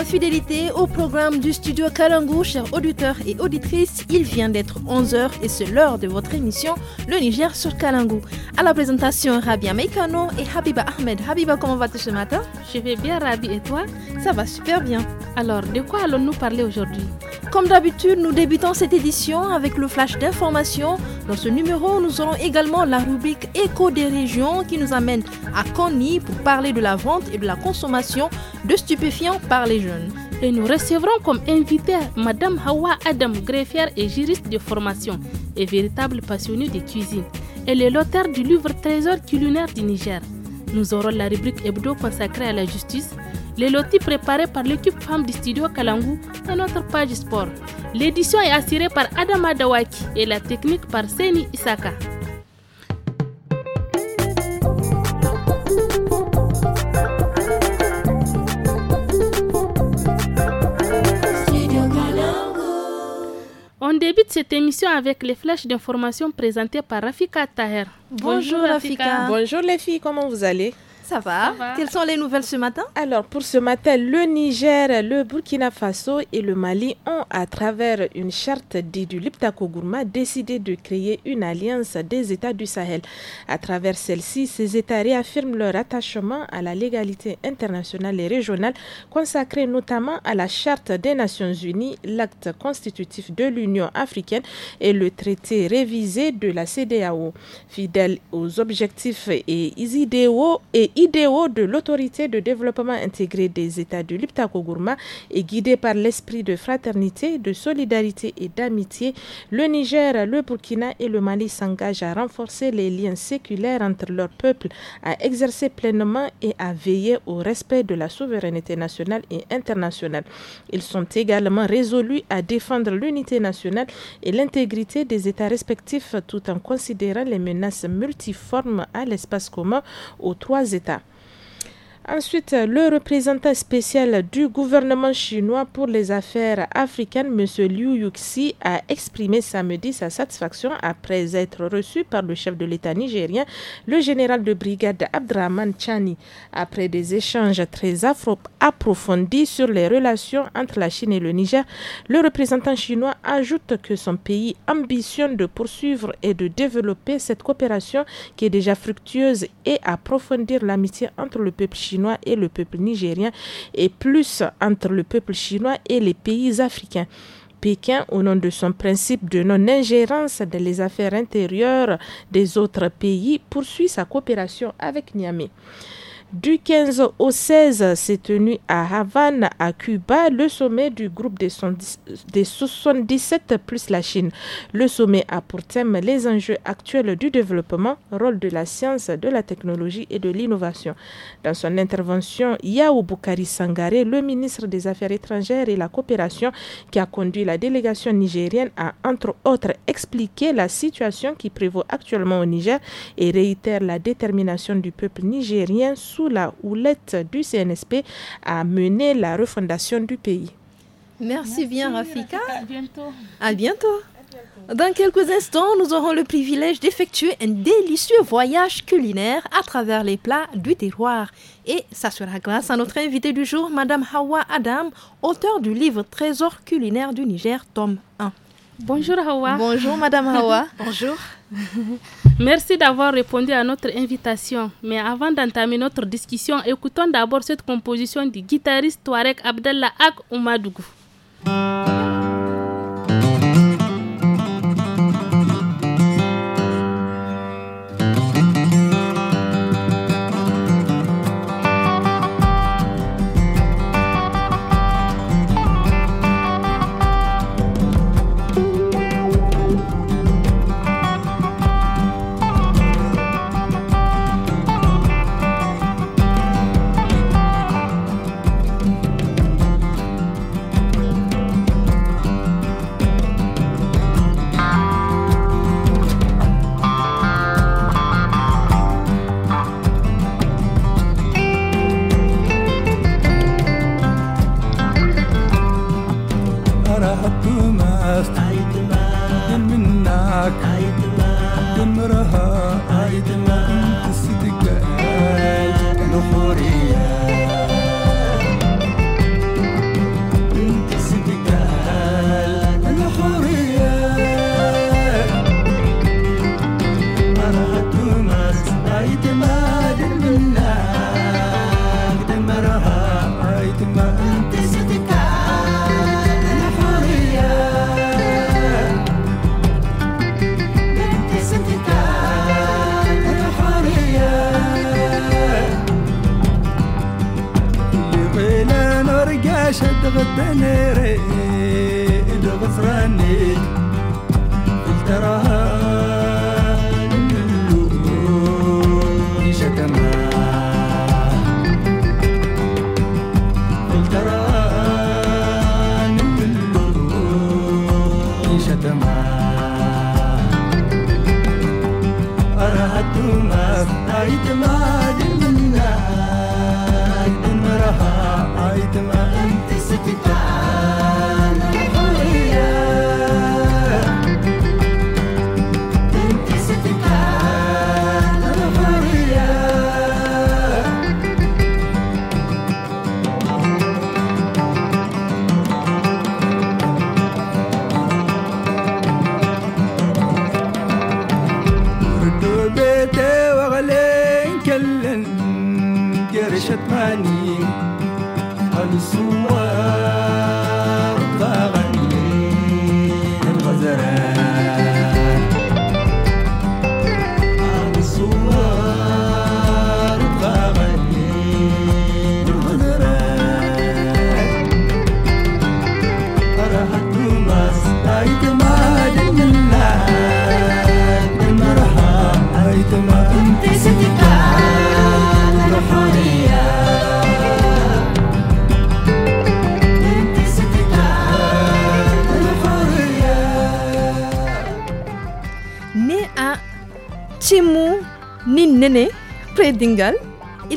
fidélité au programme du studio Kalangu, chers auditeurs et auditrices. Il vient d'être 11h et c'est l'heure de votre émission Le Niger sur Kalangu. À la présentation, Rabia Meikano et Habiba Ahmed. Habiba, comment vas-tu ce matin Je vais bien, Rabi, et toi Ça va super bien. Alors, de quoi allons-nous parler aujourd'hui comme d'habitude, nous débutons cette édition avec le flash d'information. Dans ce numéro, nous aurons également la rubrique Écho des régions qui nous amène à Conny pour parler de la vente et de la consommation de stupéfiants par les jeunes. Et nous recevrons comme invité Madame Hawa Adam, greffière et juriste de formation et véritable passionnée de cuisine. Elle est l'auteur du livre Trésor culinaire du Niger. Nous aurons la rubrique hebdo consacrée à la justice les lotis préparés par l'équipe femme du studio Kalangu à notre page sport. L'édition est assurée par Adama Dawaki et la technique par Seni Isaka. On débute cette émission avec les flashs d'information présentées par Rafika Taher. Bonjour, Bonjour Rafika. Bonjour les filles, comment vous allez ça va. Quelles sont les nouvelles ce matin Alors, pour ce matin, le Niger, le Burkina Faso et le Mali ont, à travers une charte dite du Liptako Gourma, décidé de créer une alliance des États du Sahel. À travers celle-ci, ces États réaffirment leur attachement à la légalité internationale et régionale, consacrée notamment à la Charte des Nations Unies, l'acte constitutif de l'Union africaine et le traité révisé de la CDAO. fidèle aux objectifs et idéaux et idéaux de l'autorité de développement intégré des États du gourma et guidé par l'esprit de fraternité, de solidarité et d'amitié, le Niger, le Burkina et le Mali s'engagent à renforcer les liens séculaires entre leurs peuples, à exercer pleinement et à veiller au respect de la souveraineté nationale et internationale. Ils sont également résolus à défendre l'unité nationale et l'intégrité des États respectifs tout en considérant les menaces multiformes à l'espace commun aux trois États está. Ensuite, le représentant spécial du gouvernement chinois pour les affaires africaines, M. Liu Yuxi, a exprimé samedi sa satisfaction après être reçu par le chef de l'État nigérien, le général de brigade Abdraman Chani. Après des échanges très approfondis sur les relations entre la Chine et le Niger, le représentant chinois ajoute que son pays ambitionne de poursuivre et de développer cette coopération qui est déjà fructueuse et approfondir l'amitié entre le peuple chinois chinois et le peuple nigérien et plus entre le peuple chinois et les pays africains. Pékin, au nom de son principe de non-ingérence dans les affaires intérieures des autres pays, poursuit sa coopération avec Niamey. Du 15 au 16 s'est tenu à Havane, à Cuba, le sommet du groupe des 77 plus la Chine. Le sommet a pour thème les enjeux actuels du développement, rôle de la science, de la technologie et de l'innovation. Dans son intervention, Yao Boukari Sangare, le ministre des Affaires étrangères et la coopération, qui a conduit la délégation nigérienne, a entre autres expliqué la situation qui prévaut actuellement au Niger et réitère la détermination du peuple nigérien la houlette du CNSP, a mené la refondation du pays. Merci, bien, Rafika. À bientôt. À bientôt. Dans quelques instants, nous aurons le privilège d'effectuer un délicieux voyage culinaire à travers les plats du terroir. Et ça sera grâce à notre invité du jour, Madame Hawa Adam, auteure du livre Trésor culinaire du Niger, tome 1. Bonjour Hawa. Bonjour Madame Hawa. Bonjour. Merci d'avoir répondu à notre invitation. Mais avant d'entamer notre discussion, écoutons d'abord cette composition du guitariste Touareg Abdellah Ak Oumadougou. Il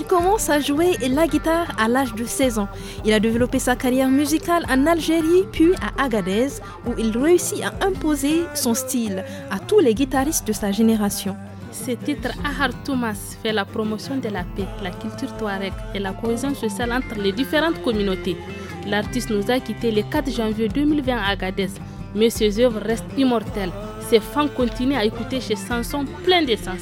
commence à jouer la guitare à l'âge de 16 ans. Il a développé sa carrière musicale en Algérie puis à Agadez où il réussit à imposer son style à tous les guitaristes de sa génération. Ce titre Ahar Thomas fait la promotion de la paix, la culture touareg et la cohésion sociale entre les différentes communautés. L'artiste nous a quittés le 4 janvier 2020 à Agadez mais ses œuvres restent immortelles. Ses fans continuent à écouter chez Samson plein d'essence.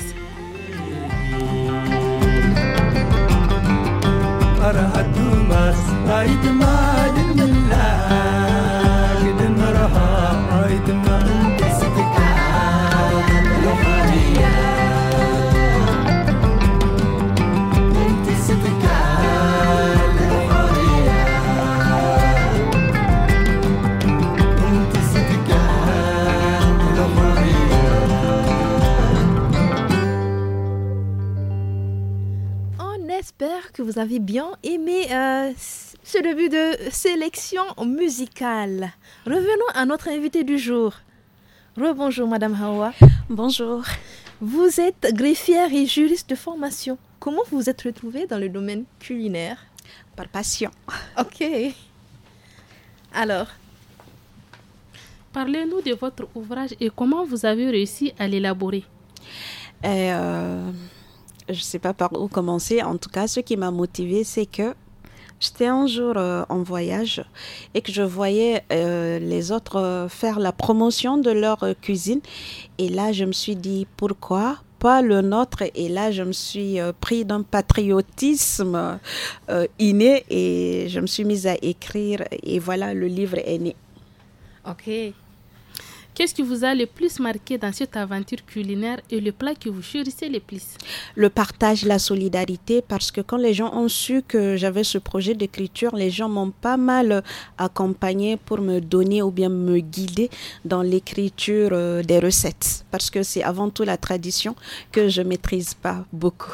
j'espère que vous avez bien aimé euh, ce début de sélection musicale. Revenons à notre invité du jour. Rebonjour Madame Hawa. Bonjour. Vous êtes greffière et juriste de formation. Comment vous êtes retrouvée dans le domaine culinaire Par passion. Ok. Alors, Parlez-nous de votre ouvrage et comment vous avez réussi à l'élaborer. Euh, je sais pas par où commencer. En tout cas, ce qui m'a motivée, c'est que j'étais un jour euh, en voyage et que je voyais euh, les autres euh, faire la promotion de leur cuisine. Et là, je me suis dit, pourquoi pas le nôtre Et là, je me suis pris d'un patriotisme inné et je me suis mise à écrire. Et voilà, le livre est né. Ok. Qu'est-ce qui vous a le plus marqué dans cette aventure culinaire et le plat que vous chérissez le plus Le partage, la solidarité, parce que quand les gens ont su que j'avais ce projet d'écriture, les gens m'ont pas mal euh, accompagné pour me donner ou bien me guider dans l'écriture euh, des recettes, parce que c'est avant tout la tradition que je maîtrise pas beaucoup.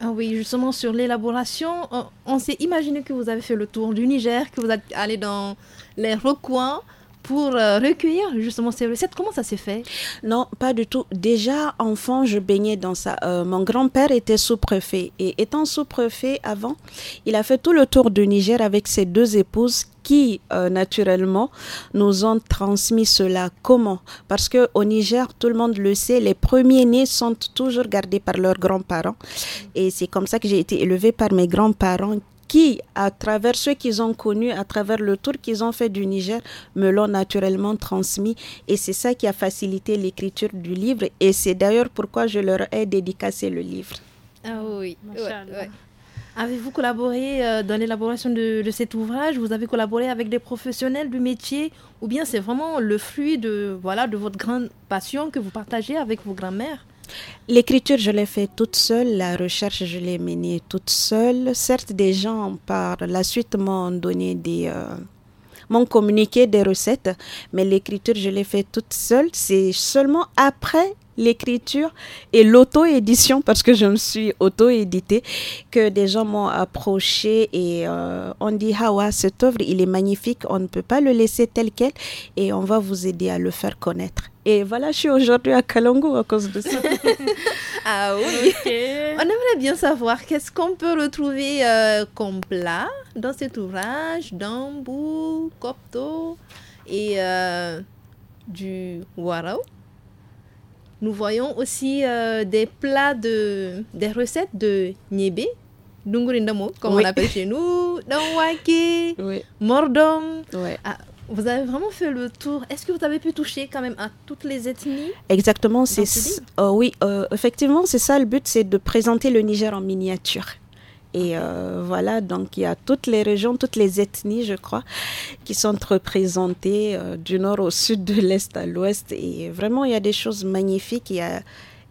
Ah oui, justement sur l'élaboration, on, euh, on s'est imaginé que vous avez fait le tour du Niger, que vous êtes allé dans les recoins pour euh, recueillir justement ces recettes. Comment ça s'est fait Non, pas du tout. Déjà, enfant, je baignais dans ça. Euh, mon grand-père était sous-préfet. Et étant sous-préfet avant, il a fait tout le tour du Niger avec ses deux épouses qui, euh, naturellement, nous ont transmis cela. Comment Parce qu'au Niger, tout le monde le sait, les premiers-nés sont toujours gardés par leurs grands-parents. Et c'est comme ça que j'ai été élevée par mes grands-parents qui, à travers ceux qu'ils ont connus, à travers le tour qu'ils ont fait du Niger, me l'ont naturellement transmis. Et c'est ça qui a facilité l'écriture du livre. Et c'est d'ailleurs pourquoi je leur ai dédicacé le livre. Ah oui, Avez-vous collaboré euh, dans l'élaboration de, cet ouvrage Vous avez collaboré avec des professionnels du métier Ou bien c'est vraiment le fruit de, voilà, de votre grande passion que vous partagez avec vos grands-mères L'écriture, je l'ai fait toute seule. La recherche, je l'ai menée toute seule. Certes, des gens par la suite m'ont donné des euh, m'ont communiqué des recettes, mais l'écriture, je l'ai fait toute seule. C'est seulement après l'écriture et l'auto-édition, parce que je me suis auto édité que des gens m'ont approché et euh, on dit, hawa cette œuvre, il est magnifique, on ne peut pas le laisser tel quel et on va vous aider à le faire connaître. Et voilà, je suis aujourd'hui à Kalongo à cause de ça. ah oui. On aimerait bien savoir qu'est-ce qu'on peut retrouver euh, comme plat dans cet ouvrage, dambou, copto et euh, du warao. Nous voyons aussi euh, des plats de, des recettes de niébé, dungurindamo, comme on l'appelle chez nous, Dongwaki, mordom. Ah, vous avez vraiment fait le tour. Est-ce que vous avez pu toucher quand même à toutes les ethnies Exactement, c'est oh oui, euh, effectivement, c'est ça le but, c'est de présenter le Niger en miniature. Et euh, voilà, donc il y a toutes les régions, toutes les ethnies, je crois, qui sont représentées euh, du nord au sud, de l'est à l'ouest. Et vraiment, il y a des choses magnifiques. Il y a,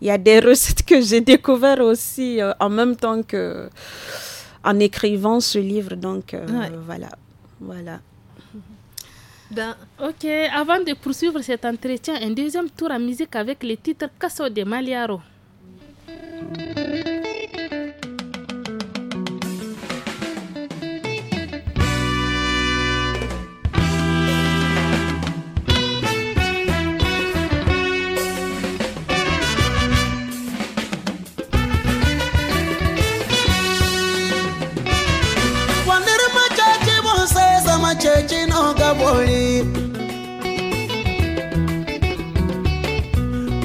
il y a des recettes que j'ai découvertes aussi euh, en même temps que en écrivant ce livre. Donc voilà, voilà. Ben, ok, avant de poursuivre cet entretien, un deuxième tour à musique avec le titre Casso de Maliaro. church in Ogaboli.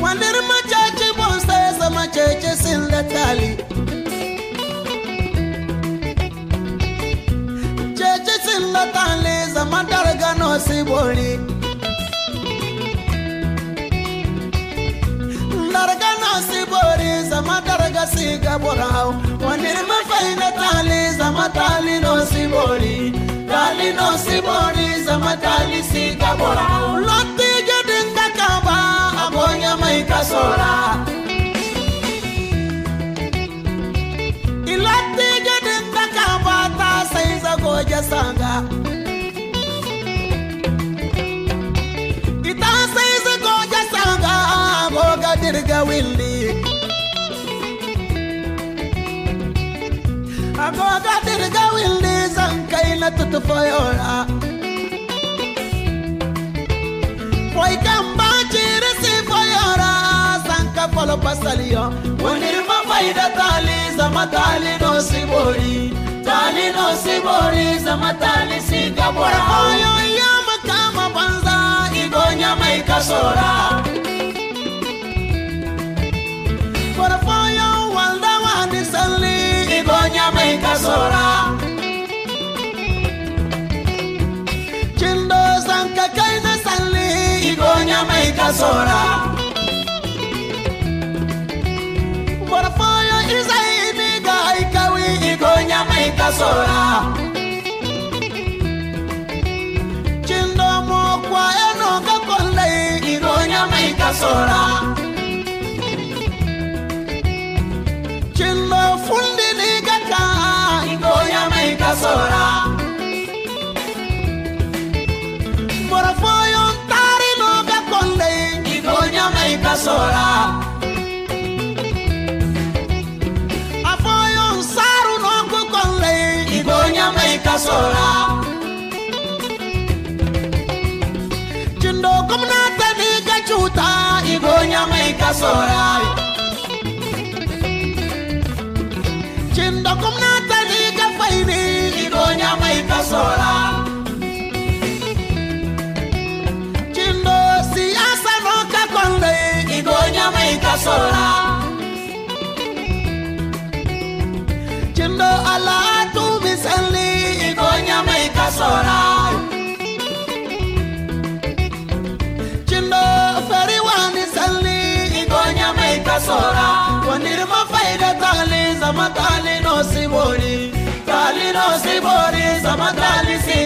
Wonder my church monsters and my churches in Latali. Churches in Latali, the Mandarga no Siboli. Larga no Siboli, the Mandarga Sigabora. Wonder my fine Natali, the Matali no Siboli. bora lotti jodin ka kaba abonya mai kasora ilatti jodin ka kaba ta sanga ita sai zago sanga aboga dirga willi aboga dirga willi zan kai na Wai kamba chiri sifoyora Sanka polo pasaliyo Unirma faida tali Zama tali no sibori Tali no sibori Zama tali sigabora Oyo yama kama banza Igonya maikasora Por foyo wanda wandi sali Igonya maikasora ká ṣọ́ra. Bọ̀dọ̀fọ́yọ̀ ìṣe ìmíga ìkẹwì ìkọnyàmọ́ ìka ṣọ́ra. Chindomo kwa ẹnu kakonde ìkọnyàmọ́ ìka ṣọ́ra. Chindo fundi ni kaka ìkọnyàmọ́ ìka ṣọ́ra. sola. afọyọ nsarụ n'ọgụgọ nle igbo onye amaghị ka sọ̀ra. chindo gọmnati na ịgachi igbo onye sọ̀ra. sọ̀rọ̀ la. Jindo ala tu bisanli iko nyama ika sọ̀rọ̀ la. Jindo fari wani sanli iko nyama ika sọ̀rọ̀ la. Wanirima faida tali zama tali no sibori. Tali no sibori zama tali si.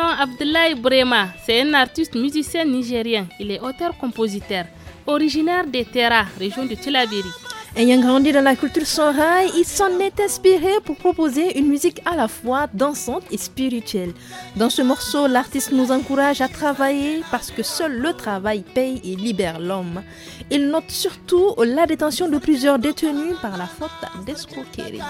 nom, Brema, c'est un artiste musicien nigérien. Il est auteur-compositeur, originaire de Terra, région de Tulabiri. Ayant grandi dans la culture soraï, il s'en est inspiré pour proposer une musique à la fois dansante et spirituelle. Dans ce morceau, l'artiste nous encourage à travailler parce que seul le travail paye et libère l'homme. Il note surtout la détention de plusieurs détenus par la faute d'escroquerie.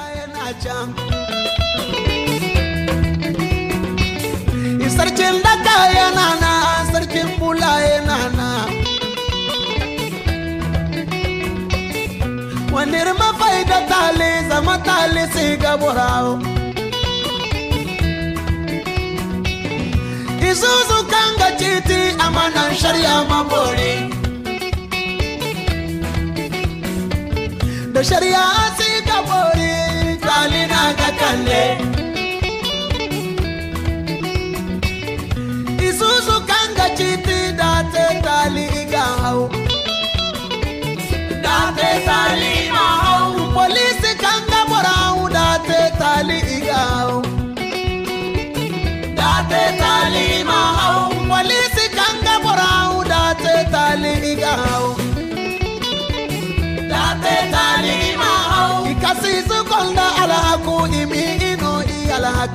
sarkin daga yana na sarkin bula yana eh, na wani mafai da tale zama tale sai gaburawo isusu kan ga titi amanan shari'a mabore da shari'a sai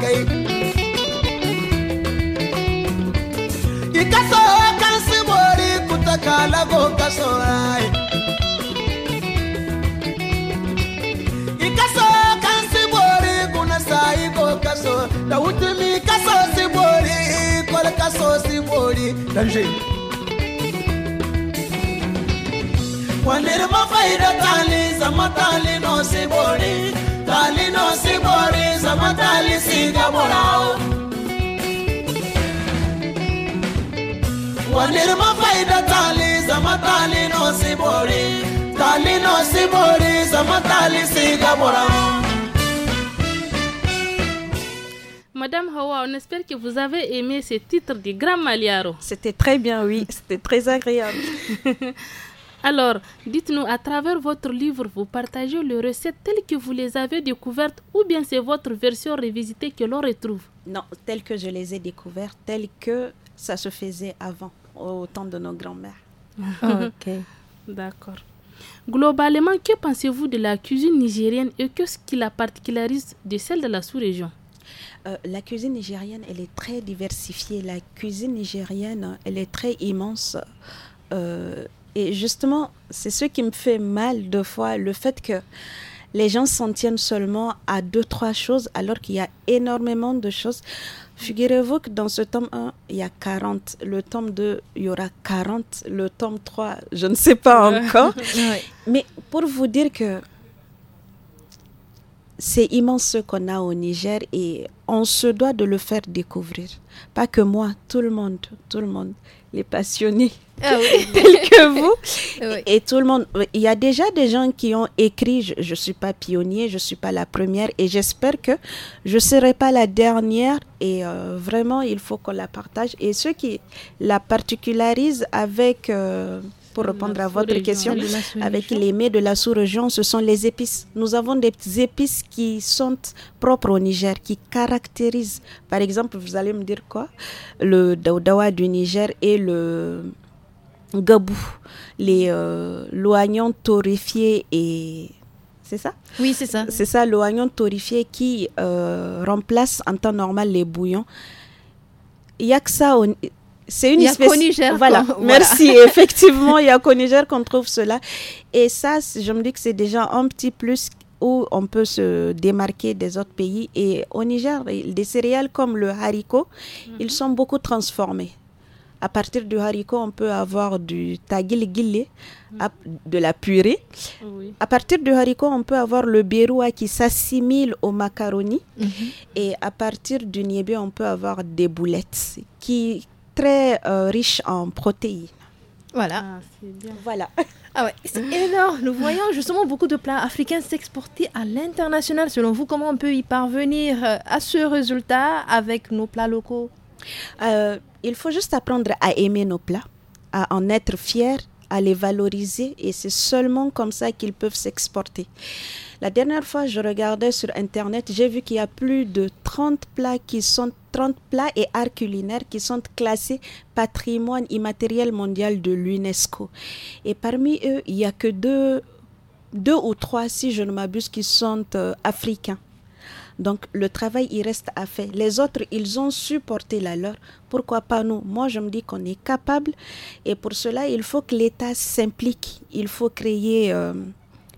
kay ikaso kansi bori kutaka lago kaso ay ikaso kansi bori kunasa iko kaso tawuti mi kaso si bori kol kaso si bori danger wanirma faida tali zamatali no si bori Madame Hawa, on espère que vous avez aimé ce titre du Grand Maliaro. C'était très bien, oui, c'était très agréable. Alors, dites-nous, à travers votre livre, vous partagez les recettes telles que vous les avez découvertes ou bien c'est votre version révisitée que l'on retrouve Non, telles que je les ai découvertes, telles que ça se faisait avant, au temps de nos grands-mères. ok. D'accord. Globalement, que pensez-vous de la cuisine nigérienne et qu'est-ce qui la particularise de celle de la sous-région euh, la cuisine nigérienne, elle est très diversifiée. La cuisine nigérienne, elle est très immense. Euh, et justement, c'est ce qui me fait mal de fois, le fait que les gens s'en tiennent seulement à deux, trois choses, alors qu'il y a énormément de choses. Figurez-vous que dans ce tome 1, il y a 40. Le tome 2, il y aura 40. Le tome 3, je ne sais pas encore. Mais pour vous dire que c'est immense ce qu'on a au Niger et on se doit de le faire découvrir. Pas que moi, tout le monde, tout le monde les passionnés ah tels que vous. Ah et tout le monde, il y a déjà des gens qui ont écrit, je ne suis pas pionnier, je ne suis pas la première et j'espère que je ne serai pas la dernière et euh, vraiment il faut qu'on la partage. Et ce qui la particularise avec... Euh, pour répondre à votre question, avec les mets de la sous-région, ce sont les épices. Nous avons des épices qui sont propres au Niger, qui caractérisent. Par exemple, vous allez me dire quoi Le Dawa du Niger et le gabou, les loignons euh, l'oignon et c'est ça Oui, c'est ça. C'est ça, l'oignon torréfié qui euh, remplace en temps normal les bouillons. Il a que ça, c'est une espèce. Niger, voilà. Merci. Effectivement, il y a qu'au Niger qu'on trouve cela. Et ça, je me dis que c'est déjà un petit plus où on peut se démarquer des autres pays. Et au Niger, des céréales comme le haricot, mhm. ils sont beaucoup transformés. À partir du haricot, on peut avoir du tagil guilé, mhm. de la purée. À partir du haricot, on peut avoir le beroua qui s'assimile au macaroni. Mhm. Et à partir du niébé, on peut avoir des boulettes qui, très euh, riche en protéines. Voilà. Ah, bien. Voilà. Ah ouais, c'est énorme. Nous voyons justement beaucoup de plats africains s'exporter à l'international. Selon vous, comment on peut y parvenir euh, à ce résultat avec nos plats locaux euh, Il faut juste apprendre à aimer nos plats, à en être fier à les valoriser et c'est seulement comme ça qu'ils peuvent s'exporter. La dernière fois, je regardais sur Internet, j'ai vu qu'il y a plus de 30 plats qui sont 30 plats et arts culinaires qui sont classés patrimoine immatériel mondial de l'UNESCO. Et parmi eux, il n'y a que deux, deux ou trois, si je ne m'abuse, qui sont euh, africains. Donc le travail, il reste à faire. Les autres, ils ont supporté la leur. Pourquoi pas nous Moi, je me dis qu'on est capable. Et pour cela, il faut que l'État s'implique. Il faut créer... Euh,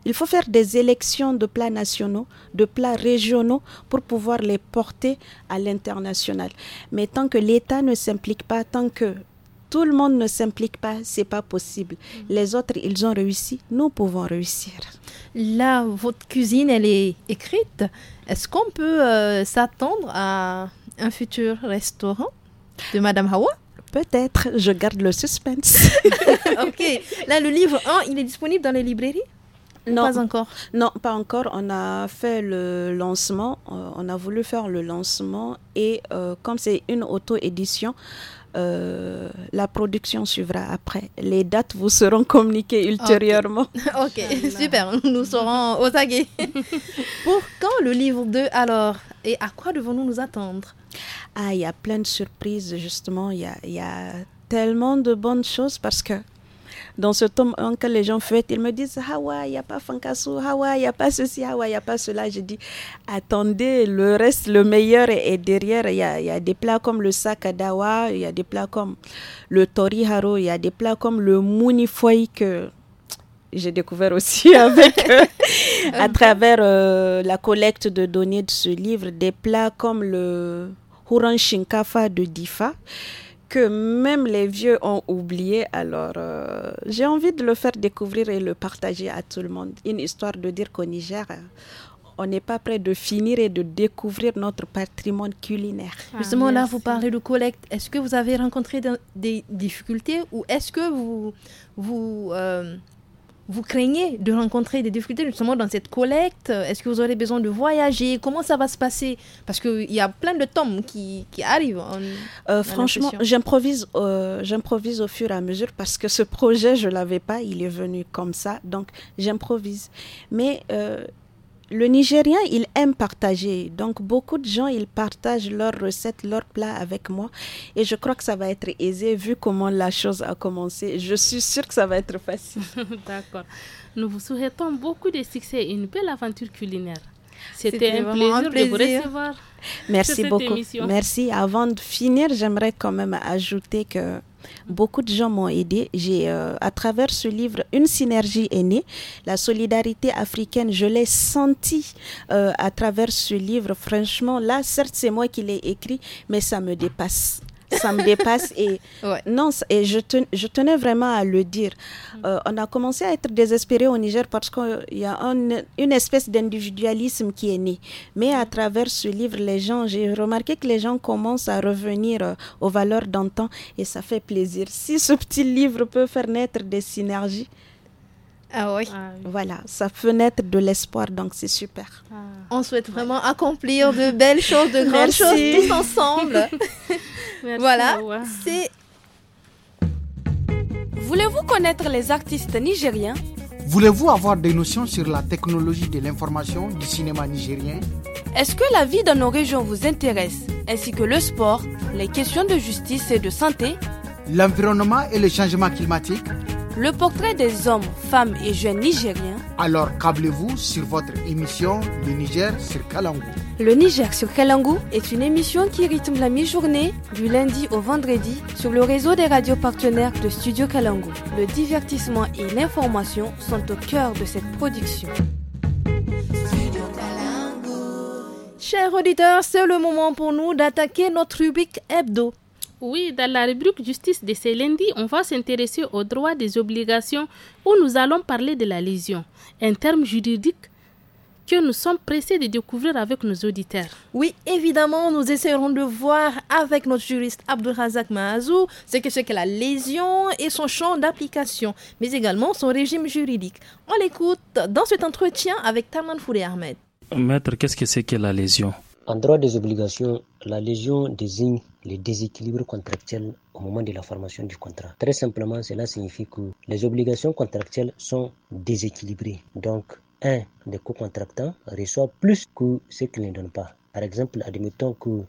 il faut faire des élections de plats nationaux, de plats régionaux pour pouvoir les porter à l'international. Mais tant que l'État ne s'implique pas, tant que tout le monde ne s'implique pas, c'est pas possible. Mm. Les autres, ils ont réussi, nous pouvons réussir. Là, votre cuisine, elle est écrite. Est-ce qu'on peut euh, s'attendre à un futur restaurant de Madame Hawa Peut-être, je garde le suspense. ok. Là, le livre 1, il est disponible dans les librairies non, pas encore. Non, pas encore. On a fait le lancement. Euh, on a voulu faire le lancement et euh, comme c'est une auto-édition, euh, la production suivra après. Les dates vous seront communiquées ultérieurement. Ok, super, nous serons au aguets. Pour quand le livre 2 alors Et à quoi devons-nous nous attendre Ah, il y a plein de surprises justement, il y a tellement de bonnes choses parce que dans ce tome 1 les gens fêtent, ils me disent Hawa, il n'y a pas Fankasu, Hawa, il n'y a pas ceci, Hawa, il n'y a pas cela. Je dis Attendez, le reste, le meilleur est derrière. Il y a, des plats comme le sakadawa, il y a des plats comme le haro, il y a des plats comme le Foi que j'ai découvert aussi avec euh, à travers euh, la collecte de données de ce livre des plats comme le huran shinkafa de Difa que même les vieux ont oublié. Alors, euh, j'ai envie de le faire découvrir et le partager à tout le monde. Une histoire de dire qu'au Niger, euh, on n'est pas prêt de finir et de découvrir notre patrimoine culinaire. Ah, Justement, là, vous parlez de collecte. Est-ce que vous avez rencontré des difficultés ou est-ce que vous, vous euh, vous craignez de rencontrer des difficultés justement dans cette collecte Est-ce que vous aurez besoin de voyager Comment ça va se passer Parce qu'il y a plein de tomes qui, arrivent. Euh, franchement, j'improvise, euh, j'improvise au fur et à mesure parce que ce projet, je l'avais pas, il est venu comme ça, donc j'improvise. Mais euh, le Nigérien, il aime partager. Donc, beaucoup de gens, ils partagent leurs recettes, leurs plats avec moi. Et je crois que ça va être aisé vu comment la chose a commencé. Je suis sûre que ça va être facile. D'accord. Nous vous souhaitons beaucoup de succès et une belle aventure culinaire. C'était un plaisir, de vous recevoir. Merci beaucoup. Merci. Avant de finir, j'aimerais quand même ajouter que Beaucoup de gens m'ont aidé. J'ai, euh, à travers ce livre, une synergie est née. La solidarité africaine, je l'ai sentie euh, à travers ce livre. Franchement, là, certes, c'est moi qui l'ai écrit, mais ça me dépasse ça me dépasse. Et non, et je, tenais, vraiment à le dire. Mm. Euh, on a commencé à être désespéré au Niger parce qu'il y a une espèce d'individualisme qui est né. Mais à mm. travers ce livre, les gens, j'ai remarqué que les gens commencent à revenir euh, aux valeurs d'antan et ça fait plaisir. Si ce petit livre peut faire naître des synergies, ah, ah oui. Voilà, sa fenêtre de l'espoir, donc c'est super. Ah. On souhaite vraiment accomplir de belles choses, de grandes choses tous ensemble. voilà, c'est. Voulez-vous connaître les artistes nigériens Voulez-vous avoir des notions sur la technologie de l'information du cinéma nigérien Est-ce que la vie dans nos régions vous intéresse, ainsi que le sport, les questions de justice et de santé L'environnement et le changement climatique le portrait des hommes, femmes et jeunes nigériens. Alors câblez-vous sur votre émission Le Niger sur Kalangou. Le Niger sur Kalangou est une émission qui rythme la mi-journée du lundi au vendredi sur le réseau des radios partenaires de Studio Kalangou. Le divertissement et l'information sont au cœur de cette production. Chers auditeurs, c'est le moment pour nous d'attaquer notre rubrique hebdo. Oui, dans la rubrique justice de ce lundi, on va s'intéresser au droit des obligations où nous allons parler de la lésion, un terme juridique que nous sommes pressés de découvrir avec nos auditeurs. Oui, évidemment, nous essaierons de voir avec notre juriste Abdulhazak Mahazou ce que c'est que la lésion et son champ d'application, mais également son régime juridique. On l'écoute dans cet entretien avec Taman Fouré Ahmed. Maître, qu'est-ce que c'est que la lésion en droit des obligations, la légion désigne les déséquilibres contractuels au moment de la formation du contrat. Très simplement, cela signifie que les obligations contractuelles sont déséquilibrées. Donc, un des co-contractants reçoit plus que ce qu'il ne donne pas. Par exemple, admettons que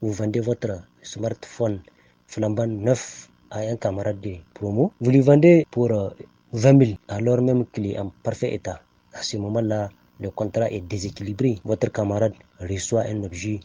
vous vendez votre smartphone flambant neuf à un camarade de promo. Vous lui vendez pour 20 euh, 000 alors même qu'il est en parfait état. À ce moment-là, le contrat est déséquilibré. Votre camarade reçoit un objet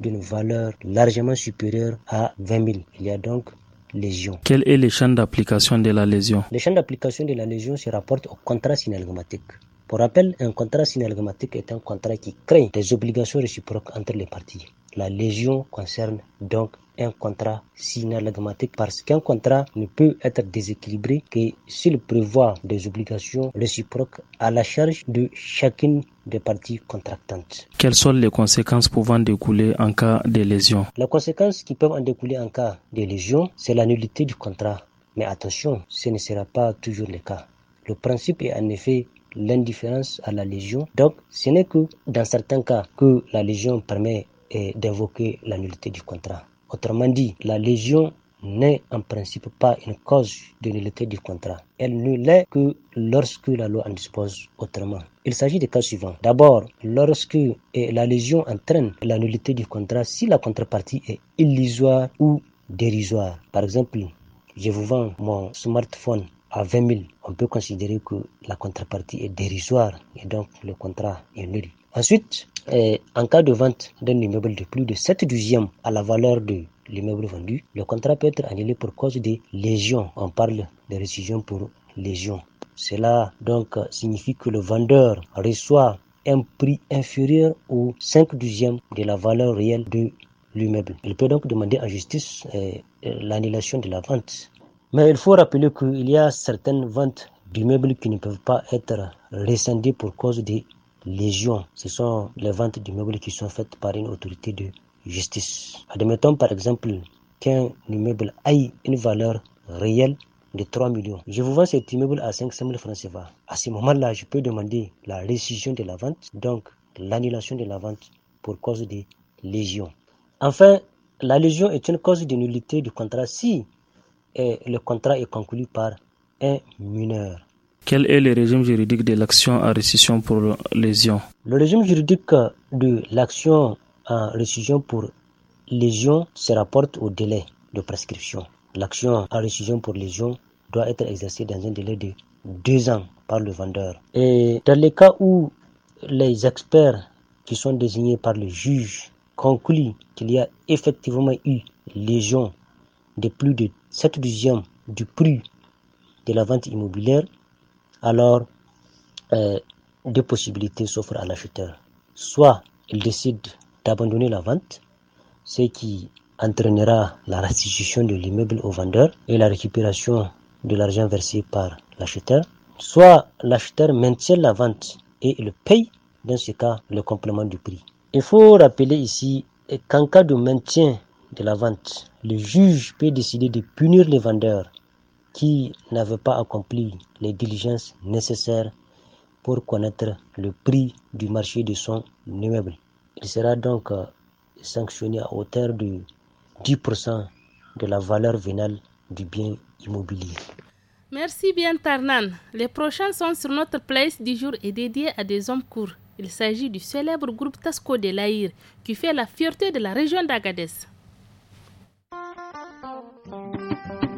d'une valeur largement supérieure à 20 000. Il y a donc lésion. Quel est le champ d'application de la lésion Le champ d'application de la lésion se rapporte au contrat synalgmatique. Pour rappel, un contrat synalgmatique est un contrat qui crée des obligations réciproques entre les parties. La légion concerne donc un contrat synalgmatique parce qu'un contrat ne peut être déséquilibré que s'il prévoit des obligations réciproques à la charge de chacune des parties contractantes. Quelles sont les conséquences pouvant découler en cas de lésion Les conséquences qui peuvent en découler en cas de lésion, c'est la nullité du contrat. Mais attention, ce ne sera pas toujours le cas. Le principe est en effet l'indifférence à la légion. Donc, ce n'est que dans certains cas que la légion permet eh, d'évoquer la nullité du contrat. Autrement dit, la légion n'est en principe pas une cause de nullité du contrat. Elle ne l'est que lorsque la loi en dispose autrement. Il s'agit des cas suivants. D'abord, lorsque eh, la légion entraîne la nullité du contrat si la contrepartie est illusoire ou dérisoire. Par exemple, je vous vends mon smartphone à 20 000, on peut considérer que la contrepartie est dérisoire et donc le contrat est nul. Ensuite, euh, en cas de vente d'un immeuble de plus de 7 douzièmes à la valeur de l'immeuble vendu, le contrat peut être annulé pour cause de légions On parle de récision pour lésion. Cela donc signifie que le vendeur reçoit un prix inférieur aux 5 douzièmes de la valeur réelle de l'immeuble. Il peut donc demander en justice euh, euh, l'annulation de la vente mais il faut rappeler qu'il y a certaines ventes d'immeubles qui ne peuvent pas être rescindées pour cause des légions. Ce sont les ventes d'immeubles qui sont faites par une autorité de justice. Admettons par exemple qu'un immeuble ait une valeur réelle de 3 millions. Je vous vends cet immeuble à 500 000 francs CFA. À ce moment-là, je peux demander la rescission de la vente, donc l'annulation de la vente pour cause des légions. Enfin, la légion est une cause de nullité du contrat si et le contrat est conclu par un mineur. Quel est le régime juridique de l'action à récession pour lésion Le régime juridique de l'action à récession pour lésion se rapporte au délai de prescription. L'action à récision pour lésion doit être exercée dans un délai de deux ans par le vendeur. Et dans les cas où les experts qui sont désignés par le juge concluent qu'il y a effectivement eu lésion de plus de cette vision du prix de la vente immobilière, alors euh, deux possibilités s'offrent à l'acheteur. Soit il décide d'abandonner la vente, ce qui entraînera la restitution de l'immeuble au vendeur et la récupération de l'argent versé par l'acheteur. Soit l'acheteur maintient la vente et il paye, dans ce cas, le complément du prix. Il faut rappeler ici qu'en cas de maintien de la vente, le juge peut décider de punir les vendeurs qui n'avaient pas accompli les diligences nécessaires pour connaître le prix du marché de son immeuble. Il sera donc euh, sanctionné à hauteur de 10% de la valeur vénale du bien immobilier. Merci bien Tarnan. Les prochains sont sur notre place du jour et dédiés à des hommes courts. Il s'agit du célèbre groupe Tasco de l'Aïr qui fait la fierté de la région d'Agadez. Thank you.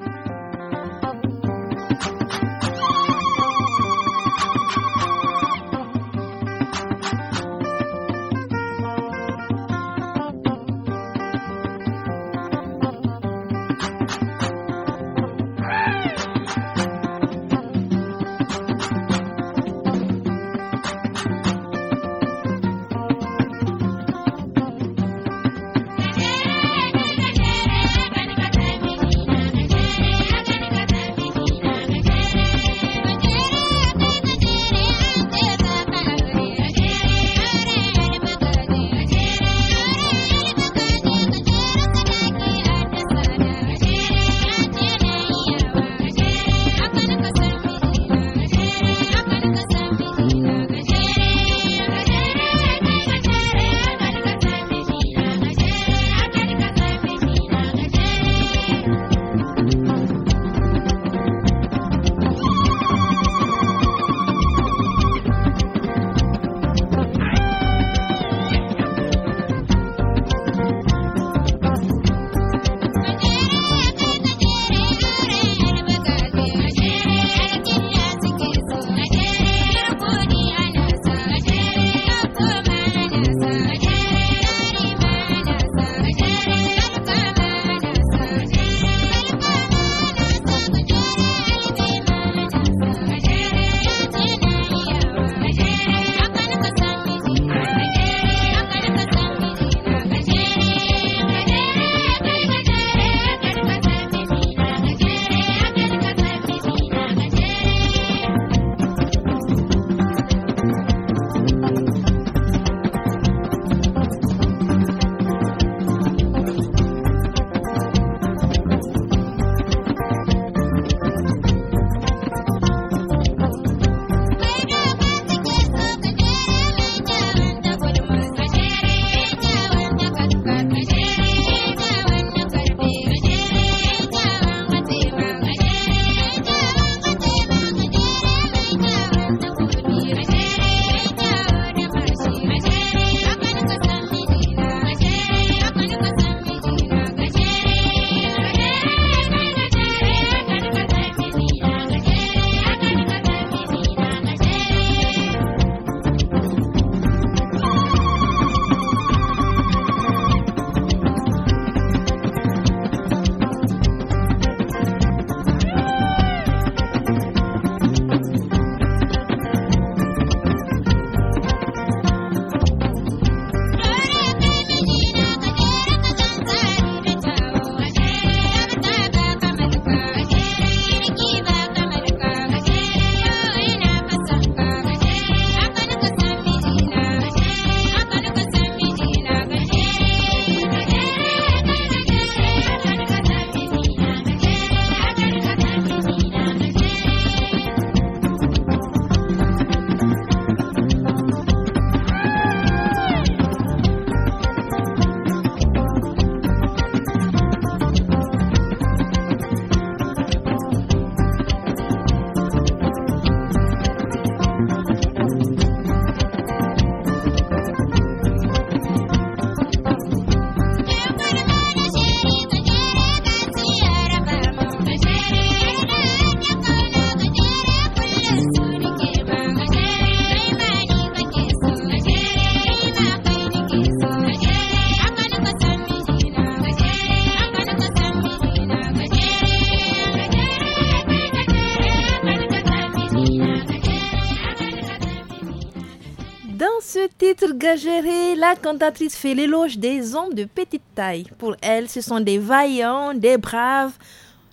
la cantatrice fait l'éloge des hommes de petite taille. Pour elle, ce sont des vaillants, des braves.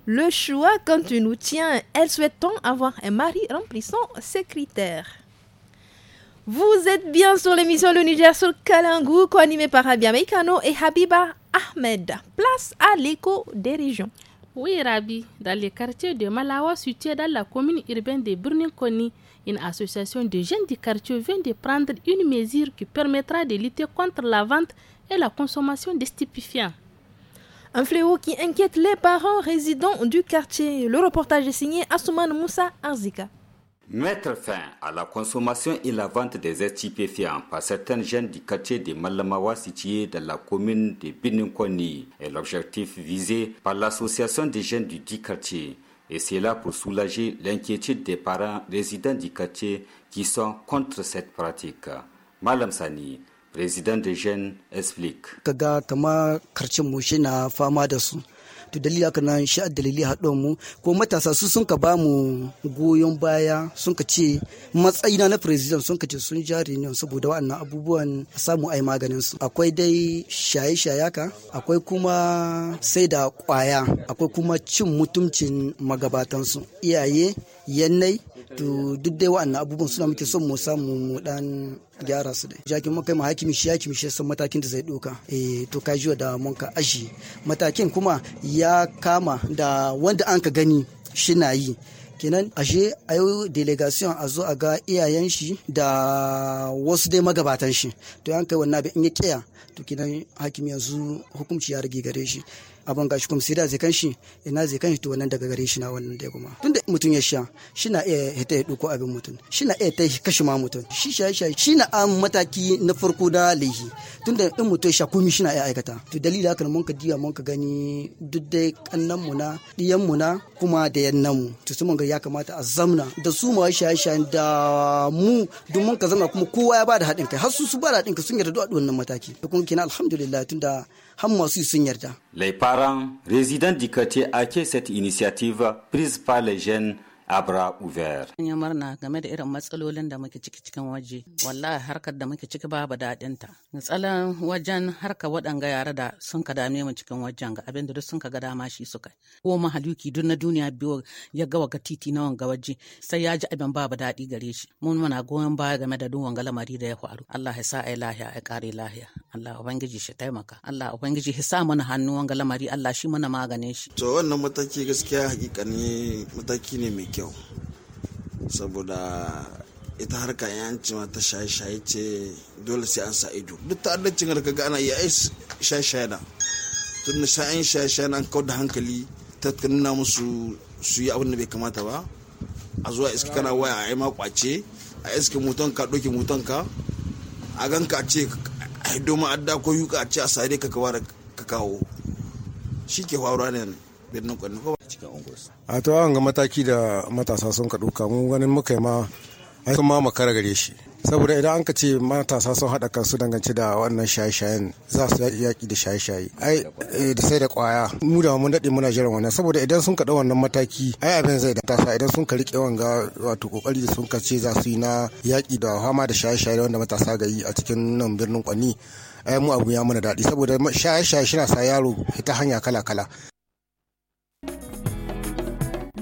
Le choix quand tu nous tiens, elle souhaite avoir un mari remplissant ses critères. Vous êtes bien sur l'émission Le Niger sur Kalangou, co-animée par Rabia Meikano et Habiba Ahmed. Place à l'écho des régions. Oui, Rabi, dans les quartiers de Malawa, situé dans la commune urbaine de Bruninkoni, une association de jeunes du quartier vient de prendre une mesure qui permettra de lutter contre la vente et la consommation des stupéfiants. Un fléau qui inquiète les parents résidents du quartier. Le reportage est signé Assouman Moussa Arzika. Mettre fin à la consommation et la vente des stupéfiants par certains jeunes du quartier de Malamawa situé dans la commune de Bininkoni est l'objectif visé par l'association des jeunes du dit quartier et c'est là pour soulager l'inquiétude des parents résidents du quartier qui sont contre cette pratique. Malam Sani, présidente de jeunes, explique. to dalili haka nan sha dalili haɗuwar mu ko matasa su sun ka ba mu goyon baya sun ka ce matsayina na president sun ka ce sun ja reunion saboda wa'annan abubuwan a samu ai maganin su akwai dai shaye-shaye haka akwai kuma sai da kwaya akwai kuma cin mutuncin magabatan su. iyaye yannai to duk dai wa'annan abubuwan suna muke son mu samu mu dan gyara su dai jakin mun kai ma hakimi shi hakimi shi san matakin da zai doka eh to ka jiwa da mun ka ashi matakin kuma ya kama da wanda an ka gani shi na yi kenan ashe a yau delegation a zo a ga iyayen shi da wasu dai magabatan shi to an kai wannan abin in ya kiya to kenan hakimi yanzu hukunci ya rage gare shi abin shi kuma da zai shi ina zai kan shi to wannan daga gare shi na wannan dai kuma tunda mutum ya sha shi na iya hita ya duko abin mutum shi na iya tashi kashi ma mutum shi sha sha shi na an mataki na farko da laihi tunda in mutum sha komi shi na iya aikata to dalilin haka mun ka diya mun ka gani duk dai kannan mu na diyan mu na kuma da yannan mu to su mun ga ya kamata a zamna da su ma sha sha da mu duk mun ka zamna kuma kowa ya ba da haɗin kai har su su ba da haɗin kai sun yarda da wannan mataki to kun kina alhamdulillah tunda Les parents résidents du quartier accueillent cette initiative prise par les jeunes abra uver yi murna game da irin matsalolin da muke ciki cikin waje wallahi harkar da muke ciki babu daɗin ta matsalan wajen harka waɗanga yara da sun ka dame mu cikin wajen ga abinda duk sun ka ga dama shi suka ko mahaluki duk na duniya biyu ya ga waka titi na wanga waje sai ya ji abin babu daɗi gare shi mun muna goyon baya game da duk wanga lamari da ya faru Allah ya sa ai lahiya ai kare lahiya Allah ubangiji shi taimaka Allah ubangiji ya sa mana hannu wanga lamari Allah shi mana maganin shi to wannan mataki gaskiya hakika ne mataki ne mai kyau saboda ita harka yanci ta shaye-shaye ce dole sai an sa ido duk ta'addancin da gana ana yi shaye-shaye na tun da sha'an shaye-shaye an kawo da hankali ta nuna musu su yi abin da bai kamata ba a zuwa iska kana waya a yi ma kwace a iska mutan ka ɗauke mutan ka a gan ka ce a hido ma adda ko yuka a ce a sare ka kawo shi ke faruwa ne birnin kwanne a cikin unguwarsu. a to an ga mataki da matasa sun ka ɗauka mu ganin muka ma ai sun ma makara gare shi saboda idan an ka ce matasa sun haɗa kansu dangance da wannan shaye-shayen za su yaƙi yaƙi da shaye-shaye ai eh, da sai da ƙwaya mu da mun daɗe muna jiran wannan saboda idan sun kaɗa wannan mataki ai abin zai da tasa idan sun ka riƙe wanga wato ƙoƙari da sun ka ce za su yi na yaƙi da fama da shaye-shaye wanda matasa ga yi a cikin nan birnin kwanni ai mu abu ya mana daɗi saboda shaye-shaye shi na sa yaro ta hanya kala-kala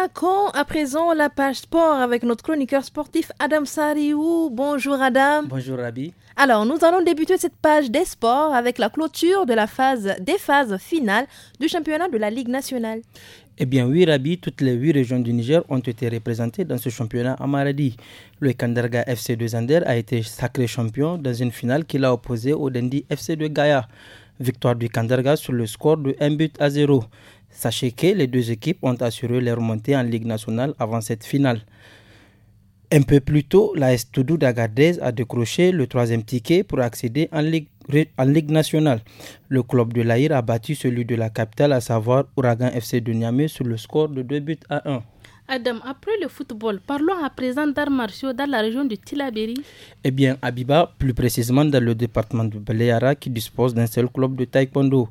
A à présent la page sport avec notre chroniqueur sportif Adam Sariou. Bonjour Adam. Bonjour Rabi. Alors, nous allons débuter cette page des sports avec la clôture de la phase des phases finales du championnat de la Ligue nationale. Eh bien oui, Rabi, toutes les huit régions du Niger ont été représentées dans ce championnat à Maradi. Le Kandarga FC de Zander a été sacré champion dans une finale qu'il a opposée au Dendi FC de Gaya. Victoire du Kandarga sur le score de 1 but à 0. Sachez que les deux équipes ont assuré leur montée en Ligue nationale avant cette finale. Un peu plus tôt, la Estoudou d'Agadez a décroché le troisième ticket pour accéder en Ligue, nationale. Le club de l'Aïr a battu celui de la capitale, à savoir Ouragan FC de Niamey, sur le score de 2 buts à 1. Adam, après le football, parlons à présent d'arts martiaux dans la région de Tilaberi. Eh bien, Abiba, plus précisément dans le département de Baleara, qui dispose d'un seul club de taekwondo.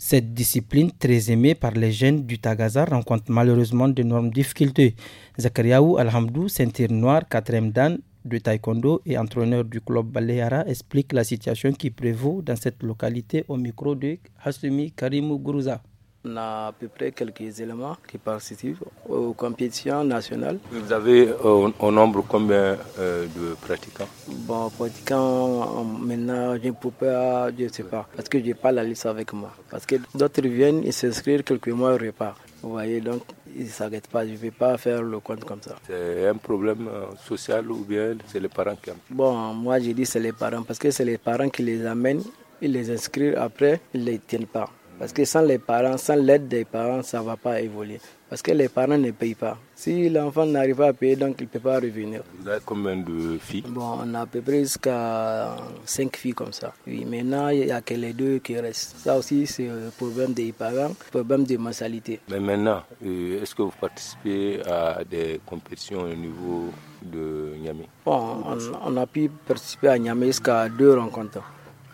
Cette discipline, très aimée par les jeunes du Tagaza, rencontre malheureusement d'énormes difficultés. Zakariaou Alhamdou, ceinture noire, quatrième dan de taekwondo et entraîneur du club Baleara, explique la situation qui prévaut dans cette localité au micro de Hasumi Karimou Gourouza. On a à peu près quelques éléments qui participent aux compétitions nationales. Vous avez euh, au, nombre combien euh, de pratiquants Bon, pratiquants, euh, maintenant, je ne peux pas, je ne sais pas, parce que je n'ai pas la liste avec moi. Parce que d'autres viennent, ils s'inscrivent, quelques mois, au repas. Vous voyez, donc, ils ne s'arrêtent pas. Je ne vais pas faire le compte comme ça. C'est un problème social ou bien c'est les parents qui Bon, moi, je dis c'est les parents, parce que c'est les parents qui les amènent, ils les inscrivent, après, ils ne les tiennent pas. Parce que sans les parents, sans l'aide des parents, ça ne va pas évoluer. Parce que les parents ne payent pas. Si l'enfant n'arrive pas à payer, donc il ne peut pas revenir. Vous avez combien de filles Bon, on a à peu près jusqu'à 5 filles comme ça. Oui, maintenant, il n'y a que les deux qui restent. Ça aussi, c'est le problème des parents, problème de mensalité. Mais maintenant, euh, est-ce que vous participez à des compétitions au niveau de Niamey Bon, on, a pu participer à Niamey jusqu'à deux rencontres.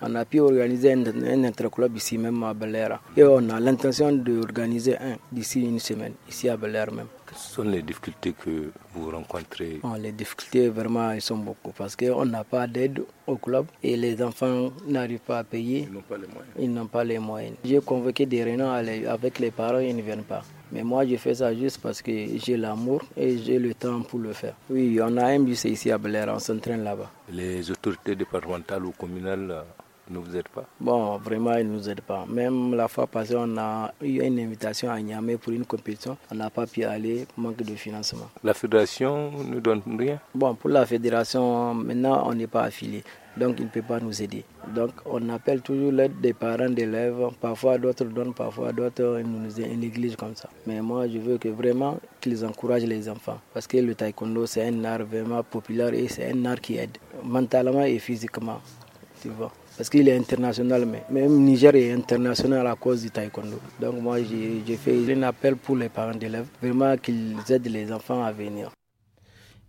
On a pu organiser un, un interclub ici même à Bel Et on a l'intention d'organiser un d'ici une semaine, ici à Bel même. Quelles sont les difficultés que vous rencontrez Les difficultés, vraiment, elles sont beaucoup parce qu'on n'a pas d'aide au club et les enfants n'arrivent pas à payer. Ils n'ont pas les moyens. Ils n'ont pas les moyens. J'ai convoqué des réunions avec les parents, ils ne viennent pas. Mais moi, je fais ça juste parce que j'ai l'amour et j'ai le temps pour le faire. Oui, on a un bus ici à Bel on s'entraîne là-bas. Les autorités départementales ou communales ne vous aide pas Bon, vraiment, ils ne nous aident pas. Même la fois passée, on a eu une invitation à Niamey pour une compétition. On n'a pas pu aller, manque de financement. La fédération ne donne rien Bon, pour la fédération, maintenant, on n'est pas affilié. Donc, il ne peut pas nous aider. Donc, on appelle toujours l'aide des parents d'élèves. Parfois, d'autres donnent, parfois, d'autres nous négligent comme ça. Mais moi, je veux que vraiment qu'ils encouragent les enfants. Parce que le taekwondo, c'est un art vraiment populaire et c'est un art qui aide mentalement et physiquement. Tu vois parce qu'il est international, mais même Niger est international à cause du taekwondo. Donc moi, j'ai fait un appel pour les parents d'élèves, vraiment qu'ils aident les enfants à venir.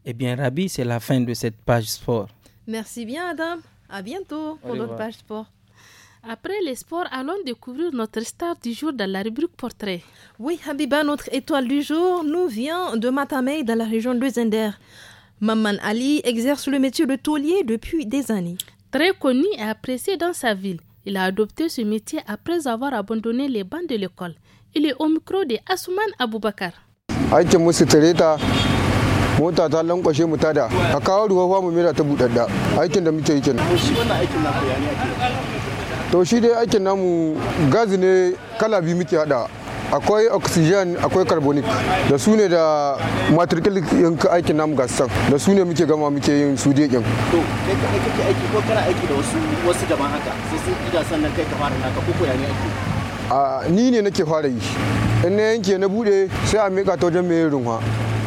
Eh bien, Rabi, c'est la fin de cette page sport. Merci bien, Adam. À bientôt pour notre page sport. Après les sports, allons découvrir notre star du jour dans la rubrique portrait. Oui, Habiba, notre étoile du jour nous vient de Matamei dans la région de Zender. Maman Ali exerce le métier de taulier depuis des années. Très connu et apprécié dans sa ville, il a adopté ce métier après avoir abandonné les bancs de l'école. Il est au micro de Asuman Aboubakar. mota ta lankwashe mu tada a kawo ruwa mu mera ta budadda aikin da muke yi kenan to shi dai aikin namu gazi ne kala biyu muke hada akwai oxygen akwai carbonic da su ne da matrikil yanka aikin namu gasan da su ne muke gama muke yin su dekin to kai ka kake aiki ko kana aiki da wasu wasu daban haka sai sun ida sannan kai ka fara naka ko ko ne aiki a ni ne nake fara yi in na yanke na bude sai a mika ta wajen mai runwa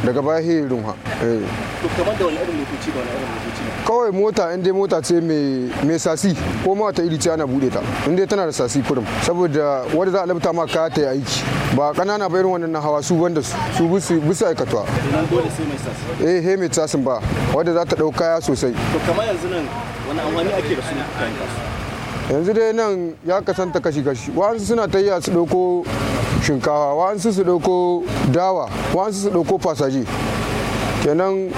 daga baya he runwa eh to kamar da wani irin lokaci da wani irin lokaci kawai mota in dai mota ce mai sasi ko ma ta iri ce ana bude ta in dai tana da sasi kurum saboda wanda za a labta ma kaya ta yi aiki ba kanana ba irin wannan hawa su wanda su bisu aikatuwa eh he mai sasin ba wanda za ta dau kaya sosai to kamar yanzu nan wani amfani ake da su ne yanzu dai nan ya kasanta kashi-kashi wa'ansu suna ta yi su dauko shinkawa wa'ansu su dauko dawa wa'ansu su dauko fasaje kenan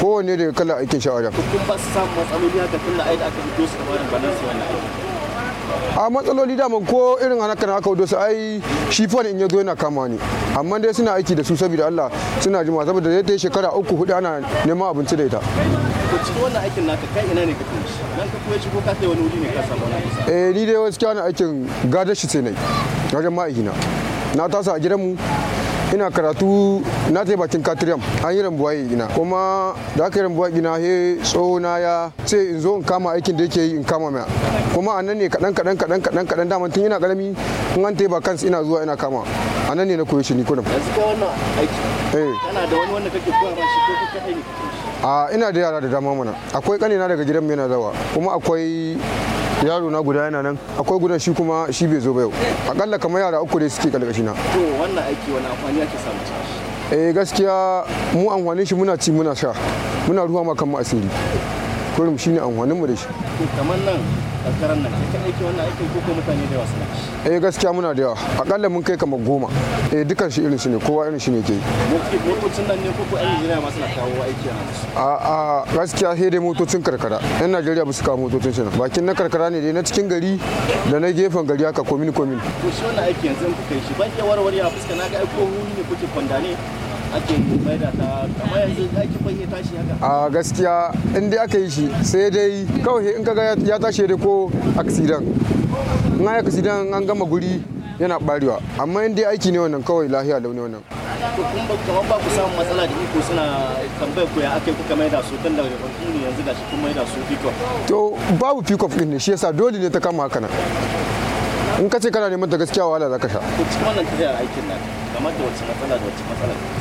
kowane da kala aikin shawara kun ba su samu matsaloli haka tun da ai aka fito su kamar balance wannan a matsaloli dama ko irin hana na aka su ai shi fa in ya zo yana kama ni amma dai suna aiki da su saboda Allah suna jima saboda zai ta yi shekara uku hudu ana neman abinci da ita cikin wannan aikin naka kai ina ne ka kuma shi nan ka kuma shigo ka sai wani wuri ne ka samu wani kusa eh ni dai wasu na aikin gadashi shi sai nai gadar ma'aikina na tasa a gidanmu ina karatu na ta bakin katiriyam an yi rambuwaye ina kuma da aka yi rambuwaye ina he tsoho na ya ce in zo in kama aikin da yake yi in kama mai kuma a nan ne kaɗan kaɗan kaɗan kaɗan kaɗan daman tun ina ƙarami in an yi kansu ina zuwa ina kama a nan ne na koyo shi ni kudin. Yanzu ka wannan aiki. Eh. Kana da wani wanda kake koya ma shi ko kai kaɗai a ina da yara da dama mana akwai kanina daga gidan mai na zawa kuma akwai yaro na guda yana nan akwai gudan shi kuma shi bai zo ba yau akalla kamar yara uku dai suke kalgashi na to wannan aiki wani amfani ake samu eh gaskiya mu amfanin shi muna ci muna sha muna ruwa ma kan asiri kurum shine amfaninmu da shi kamar nan karkarar nan kai aiki wannan aikin ko mutane da yawa suna eh gaskiya muna da yawa akalla mun kai kamar goma eh dukan shi irin su ne kowa irin shi ne ke yi motocin nan ne ko ko an jira masu suna kawo aiki a a gaskiya sai dai motocin karkara yan Najeriya ba su kawo motocin shi bakin na karkara ne dai na cikin gari da na gefen gari haka komin komin to shi wannan aiki yanzu kuka yi shi ba ke warware a fuska na ga aiko ne kuke ne. ake mai da ta kamar yanzu aikin ban ya tashi haka a gaskiya in dai aka yi shi sai dai kawai in kaga ya tashi dai ko accident in ya aksidan an gama guri yana barewa amma in dai aiki ne wannan kawai lahiya launi wannan to kun kamar ba ku samu matsala da iko suna tambayar ku ya akai kuka mai da su tun da ne yanzu gashi kun mai da su pick to babu pick up din ne shi yasa dole ne ta kama haka nan in ka ce kana neman ta gaskiya wahala za ka sha to cikin wannan tafiyar aikin nan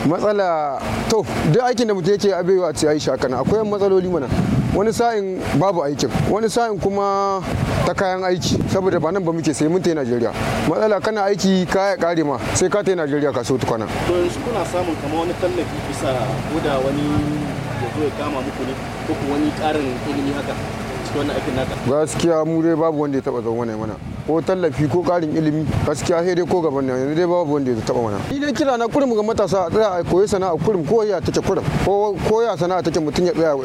matsala to duk aikin da mutum yake baiwa ce ai shakana akwai matsaloli mana wani sa'in babu aikin wani sa'in kuma ta kayan aiki saboda ba nan ba muke sai mun ta Najeriya matsala kana aiki ka ya kare ma sai ka ta Najeriya ka so kana to yanzu kuna samun kamar wani tallafi bisa ko da wani ya zo ya kama muku ne ko wani karin ilimi haka gaskiya mu dai babu wanda ya taba zama ne mana ko tallafi ko karin ilimi gaskiya sai dai ko gaban ne yanzu dai babu wanda ya taba mana ni dai kira na kurum ga matasa a tsaya a koyi sana'a kurum ko ya take kurum ko ya sana'a take mutum ya tsaya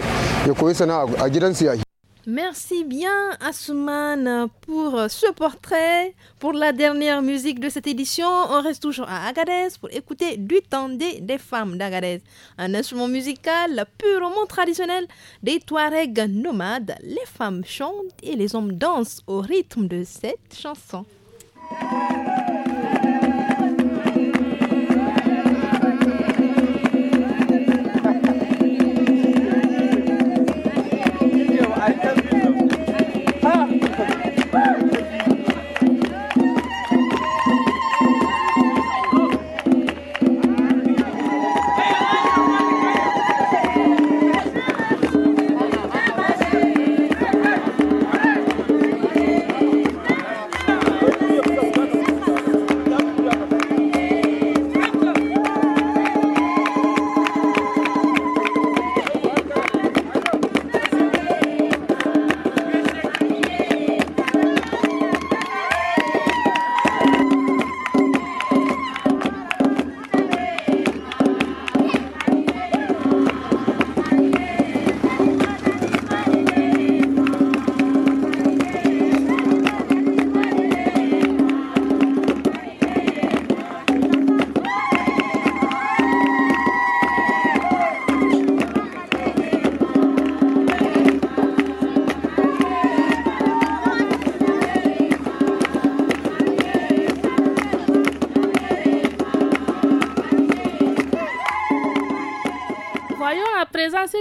ya koyi sana'a a gidansu ya yi. Merci bien Asuman pour ce portrait. Pour la dernière musique de cette édition, on reste toujours à Agadez pour écouter du tandé des femmes d'Agadez, un instrument musical purement traditionnel des Touaregs nomades. Les femmes chantent et les hommes dansent au rythme de cette chanson.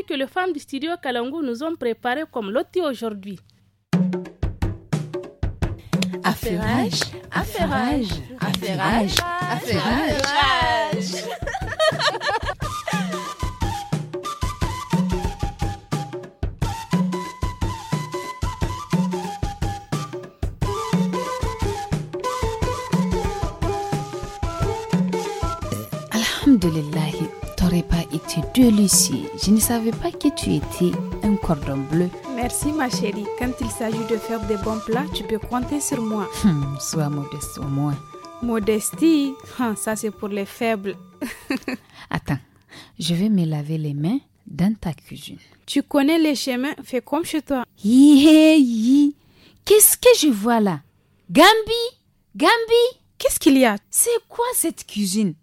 que les femmes du studio Kalangu nous ont préparé comme loti aujourd'hui. affairage, affairage, affairage. affairage. Lucie, je ne savais pas que tu étais un cordon bleu. Merci ma chérie. Quand il s'agit de faire des bons plats, tu peux compter sur moi. Hmm, sois modeste au moins. Modestie, ah, ça c'est pour les faibles. Attends, je vais me laver les mains dans ta cuisine. Tu connais les chemins, fais comme chez toi. Qu'est-ce que je vois là Gambi Gambi Qu'est-ce qu'il y a C'est quoi cette cuisine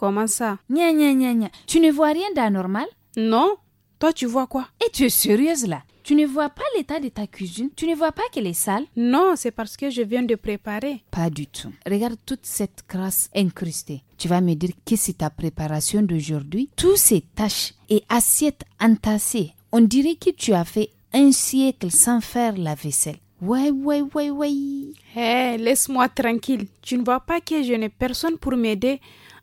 Comment ça Nya, nya, Tu ne vois rien d'anormal Non. Toi, tu vois quoi Et tu es sérieuse là tu ne vois pas l'état de ta cuisine Tu ne vois pas qu'elle est sale Non, c'est parce que je viens de préparer. Pas du tout. Regarde toute cette crasse incrustée. Tu vas me dire que c'est ta préparation d'aujourd'hui. Tous ces taches et assiettes entassées. On dirait que tu as fait un siècle sans faire la vaisselle. Ouais, ouais, ouais, ouais. Hé, laisse-moi tranquille. Tu ne vois pas que je n'ai personne pour m'aider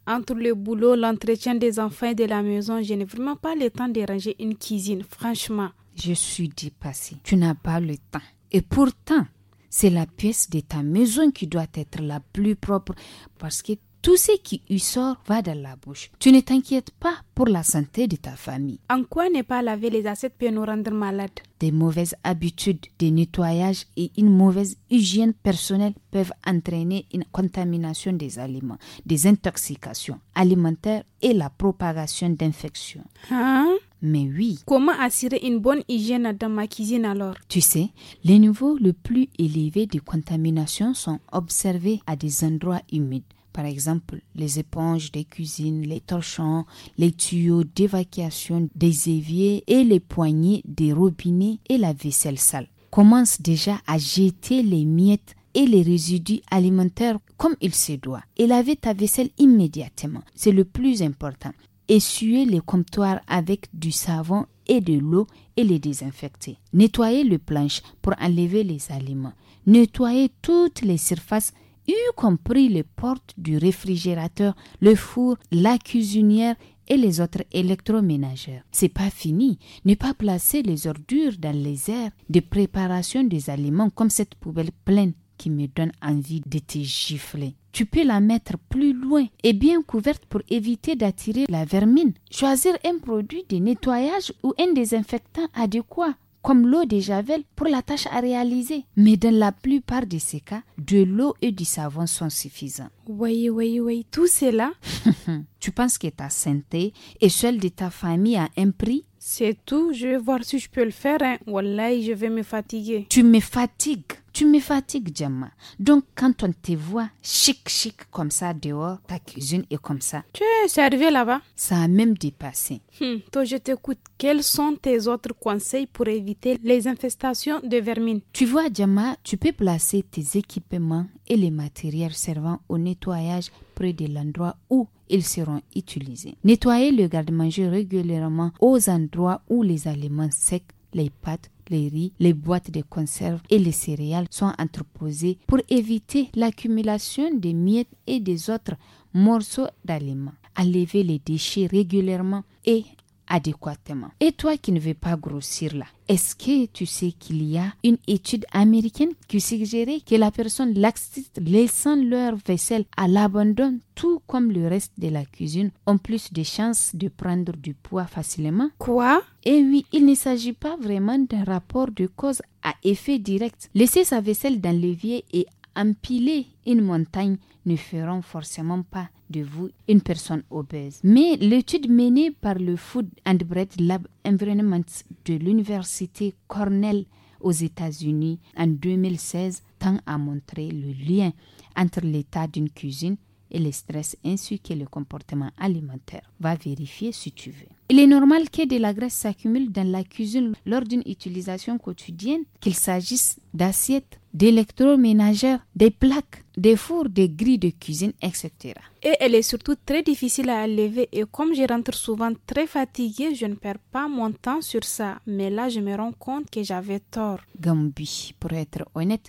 entre le boulot, l'entretien des enfants et de la maison, je n'ai vraiment pas le temps de ranger une cuisine, franchement. Je suis dépassée. Tu n'as pas le temps. Et pourtant, c'est la pièce de ta maison qui doit être la plus propre parce que tout ce qui y sort va dans la bouche. Tu ne t'inquiètes pas pour la santé de ta famille. En quoi ne pas laver les assiettes peut nous rendre malades Des mauvaises habitudes de nettoyage et une mauvaise hygiène personnelle peuvent entraîner une contamination des aliments, des intoxications alimentaires et la propagation d'infections. Hein? Mais oui. Comment assurer une bonne hygiène dans ma cuisine alors Tu sais, les niveaux les plus élevés de contamination sont observés à des endroits humides par exemple, les éponges des cuisines, les torchons, les tuyaux d'évacuation des éviers et les poignées des robinets et la vaisselle sale. Commence déjà à jeter les miettes et les résidus alimentaires comme il se doit et laver ta vaisselle immédiatement. C'est le plus important. Essuyez les comptoirs avec du savon et de l'eau et les désinfecter. Nettoyez le planche pour enlever les aliments. Nettoyez toutes les surfaces y compris les portes du réfrigérateur, le four, la cuisinière et les autres électroménagers. C'est pas fini. Ne pas placer les ordures dans les airs de préparation des aliments comme cette poubelle pleine qui me donne envie de te gifler. Tu peux la mettre plus loin et bien couverte pour éviter d'attirer la vermine. Choisir un produit de nettoyage ou un désinfectant adéquat comme l'eau de Javel pour la tâche à réaliser. Mais dans la plupart de ces cas, de l'eau et du savon sont suffisants. Oui, oui, oui, tout cela. tu penses que ta santé et celle de ta famille a un prix C'est tout, je vais voir si je peux le faire. Hein. je vais me fatiguer. Tu me fatigues tu me fatigues, Djamma. Donc, quand on te voit chic, chic, comme ça, dehors, ta cuisine est comme ça. Tu es arrivé là-bas Ça a même dépassé. Hmm. toi, je t'écoute. Quels sont tes autres conseils pour éviter les infestations de vermine Tu vois, Djamma, tu peux placer tes équipements et les matériels servant au nettoyage près de l'endroit où ils seront utilisés. Nettoyer le garde-manger régulièrement aux endroits où les aliments secs, les pâtes, les riz, les boîtes de conserve et les céréales sont entreposées pour éviter l'accumulation des miettes et des autres morceaux d'aliments. À les déchets régulièrement et adéquatement. Et toi qui ne veux pas grossir là, est-ce que tu sais qu'il y a une étude américaine qui suggérait que la personne laxiste laissant leur vaisselle à l'abandon tout comme le reste de la cuisine ont plus de chances de prendre du poids facilement Quoi Eh oui, il ne s'agit pas vraiment d'un rapport de cause à effet direct. Laisser sa vaisselle dans l'évier et empiler une montagne ne feront forcément pas de vous une personne obèse. Mais l'étude menée par le Food and Bread Lab Environment de l'université Cornell aux États-Unis en 2016 tend à montrer le lien entre l'état d'une cuisine et le stress ainsi que le comportement alimentaire. Va vérifier si tu veux. Il est normal que de la graisse s'accumule dans la cuisine lors d'une utilisation quotidienne, qu'il s'agisse d'assiettes d'électroménagères, des plaques, des fours, des grilles de cuisine, etc. Et elle est surtout très difficile à enlever et comme je rentre souvent très fatiguée, je ne perds pas mon temps sur ça. Mais là, je me rends compte que j'avais tort. Gambi, pour être honnête,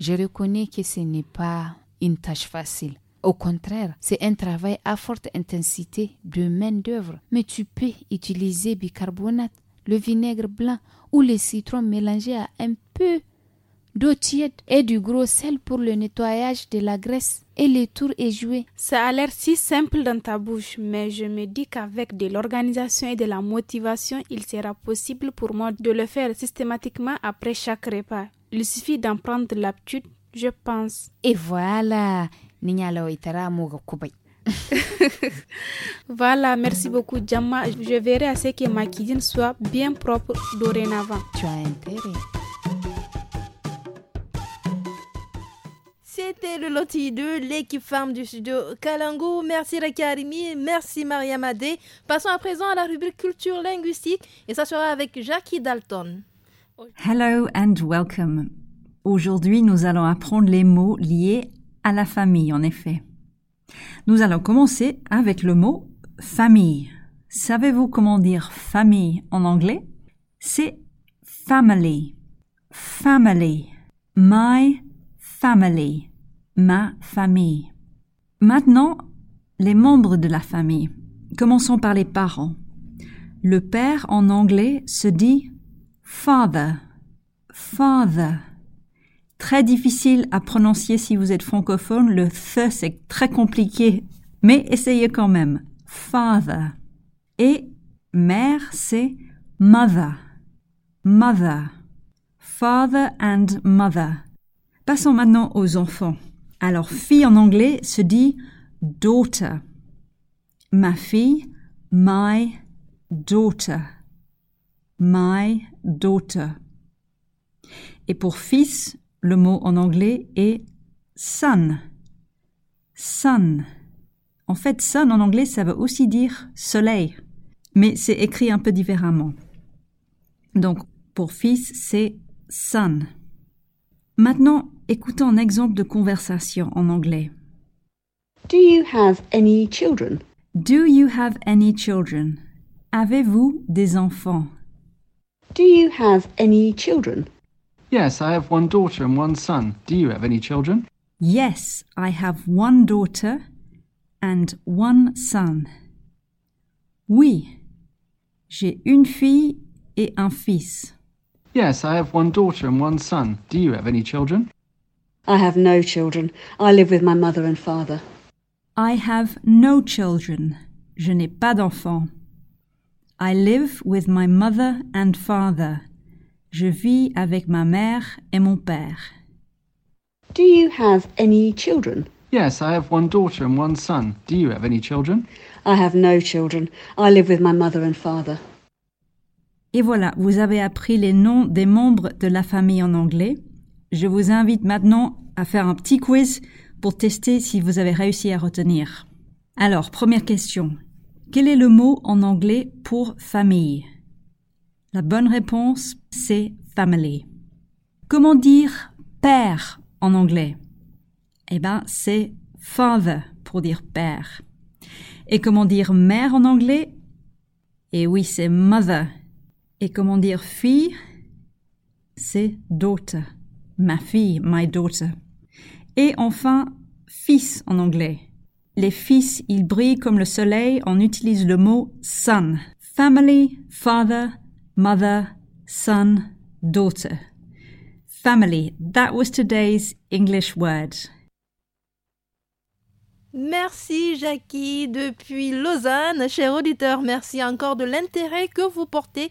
je reconnais que ce n'est pas une tâche facile. Au contraire, c'est un travail à forte intensité de main-d'œuvre. Mais tu peux utiliser bicarbonate, le vinaigre blanc ou les citrons mélangés à un peu d'eau tiède et du gros sel pour le nettoyage de la graisse. Et le tour est joué. Ça a l'air si simple dans ta bouche, mais je me dis qu'avec de l'organisation et de la motivation, il sera possible pour moi de le faire systématiquement après chaque repas. Il suffit d'en prendre l'habitude, je pense. Et voilà, voilà, merci beaucoup, Jamma. Je verrai à ce que ma cuisine soit bien propre dorénavant. Tu as intérêt. C'était le loti de l'équipe femme du studio Kalango. Merci Rekarimi, merci Maria Madé. Passons à présent à la rubrique culture linguistique et ça sera avec Jackie Dalton. Hello and welcome. Aujourd'hui, nous allons apprendre les mots liés à la famille, en effet. Nous allons commencer avec le mot famille. Savez-vous comment dire famille en anglais? C'est family. Family. My family ma famille. Maintenant, les membres de la famille. Commençons par les parents. Le père en anglais se dit father, father. Très difficile à prononcer si vous êtes francophone, le th c'est très compliqué, mais essayez quand même. Father. Et mère c'est mother, mother. Father and mother. Passons maintenant aux enfants. Alors, fille en anglais se dit daughter. Ma fille, my daughter. My daughter. Et pour fils, le mot en anglais est son. Son. En fait, son » en anglais, ça veut aussi dire soleil, mais c'est écrit un peu différemment. Donc, pour fils, c'est son ». Maintenant, écoutons un exemple de conversation en anglais. Do you have any children? Do you have any children? Avez-vous des enfants? Do you have any children? Yes, I have one daughter and one son. Do you have any children? Yes, I have one daughter and one son. Oui, j'ai une fille et un fils. Yes, I have one daughter and one son. Do you have any children? I have no children. I live with my mother and father. I have no children. Je n'ai pas d'enfants. I live with my mother and father. Je vis avec ma mère et mon père. Do you have any children? Yes, I have one daughter and one son. Do you have any children? I have no children. I live with my mother and father. Et voilà, vous avez appris les noms des membres de la famille en anglais. Je vous invite maintenant à faire un petit quiz pour tester si vous avez réussi à retenir. Alors, première question. Quel est le mot en anglais pour famille La bonne réponse, c'est family. Comment dire père en anglais Eh bien, c'est father pour dire père. Et comment dire mère en anglais Eh oui, c'est mother et comment dire fille C'est daughter. Ma fille, my daughter. Et enfin, fils en anglais. Les fils, ils brillent comme le soleil, on utilise le mot son. Family, father, mother, son, daughter. Family, that was today's English word. Merci Jackie depuis Lausanne. cher auditeur. merci encore de l'intérêt que vous portez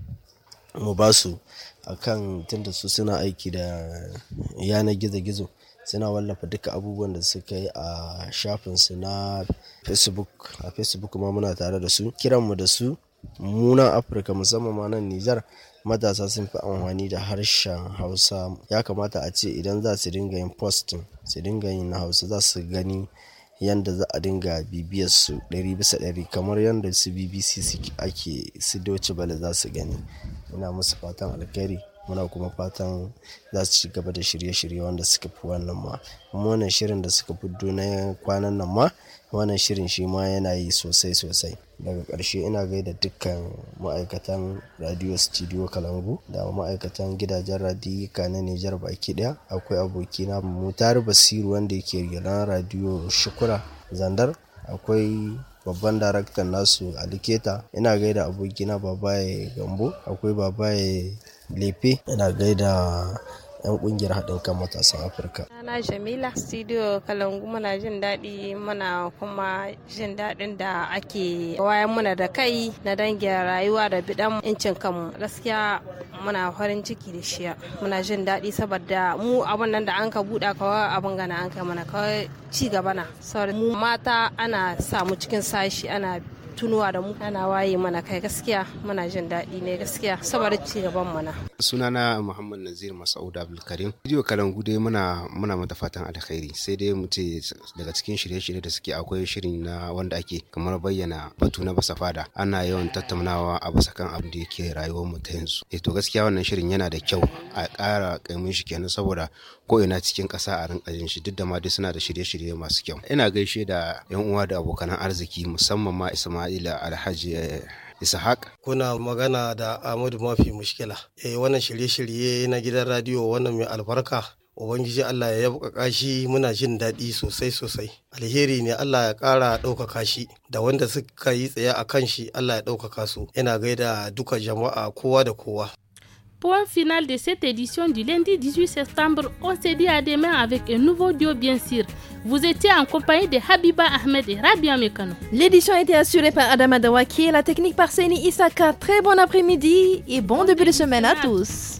mu ba su akan tunda su suna aiki da yanar gizo-gizo suna wallafa duka abubuwan da suka yi a shafin su na facebook a facebook ma muna tare da su kiranmu da su muna afirka musamman ma nan nijar matasa sun fi amfani da harshen hausa ya kamata a ce idan za su dinga yin post su dinga yin na hausa za su gani yanda za a dinga bibiyar su ɗari bisa ɗari kamar yanda su BBC ake su doce bala za su gani. Muna musu fatan alkhairi muna kuma fatan za su ci gaba da shirye-shirye wanda suka fi wannan ma. Kuma wannan shirin da suka fi na kwanan nan ma Wannan shirin shi ma yana yi sosai sosai. Daga ƙarshe ina gaida dukkan ma'aikatan Radiyo Studio Kalangu da ma'aikatan gidajen radiyyika na Nijar baki ɗaya. Akwai abokina mutar Basiru wanda yake gidan Radiyo Shukura Zandar. Akwai babban daraktan nasu Ali Keta. Ina gaida abokina Babaye Gambo. Akwai Babaye Lefe. Ina gaida 'yan kungiyar haɗin kan matasan afirka na jamila studio kalangu muna jin daɗi muna kuma jin daɗin da ake wayan muna da kai na dangin rayuwa da bidan incin kanmu gaskiya muna farin ciki da shiya muna jin daɗi saboda mu abin nan da an ka buɗa kawai abin gana an kai mana kawai ci gaba na mata ana samu cikin sashi ana tunuwa da mu ana waye mana kai gaskiya muna jin daɗi ne gaskiya saboda ci gaban mana sunana muhammad nazir masaud abdulkarim bidiyo kalan gude muna muna mata fatan alkhairi sai dai mu ce daga cikin shirye-shirye da suke akwai shirin na wanda ake kamar bayyana batu na basa fada ana yawan tattaunawa a basa kan abin da yake rayuwar mu ta yanzu eh to gaskiya wannan shirin yana da kyau a ƙara kaimin shi kenan saboda ko ina cikin ƙasa a rinka jin shi duk da ma dai suna da shirye-shirye masu kyau ina gaishe da yan uwa da abokan arziki musamman ma Isma'ila Alhaji eh, Isahak. Kuna magana da Ahmadu Mafi Mushkila. Eh wannan shirye-shirye na gidan radiyo wannan mai albarka. Ubangiji Allah ya yabu kashi muna jin daɗi sosai sosai. Alheri ne Allah ya ƙara ɗaukaka shi da wanda suka yi tsaye a kan shi Allah ya ɗaukaka su. Ina gaida duka jama'a kowa da kowa. Point final de cette édition du lundi 18 septembre. On se dit à demain avec un nouveau duo, bien sûr. Vous étiez en compagnie de Habiba Ahmed et Rabia Mekano. L'édition a été assurée par Adama Dawaki et la technique par Seni Isaka. Très bon après-midi et bon début de semaine à tous.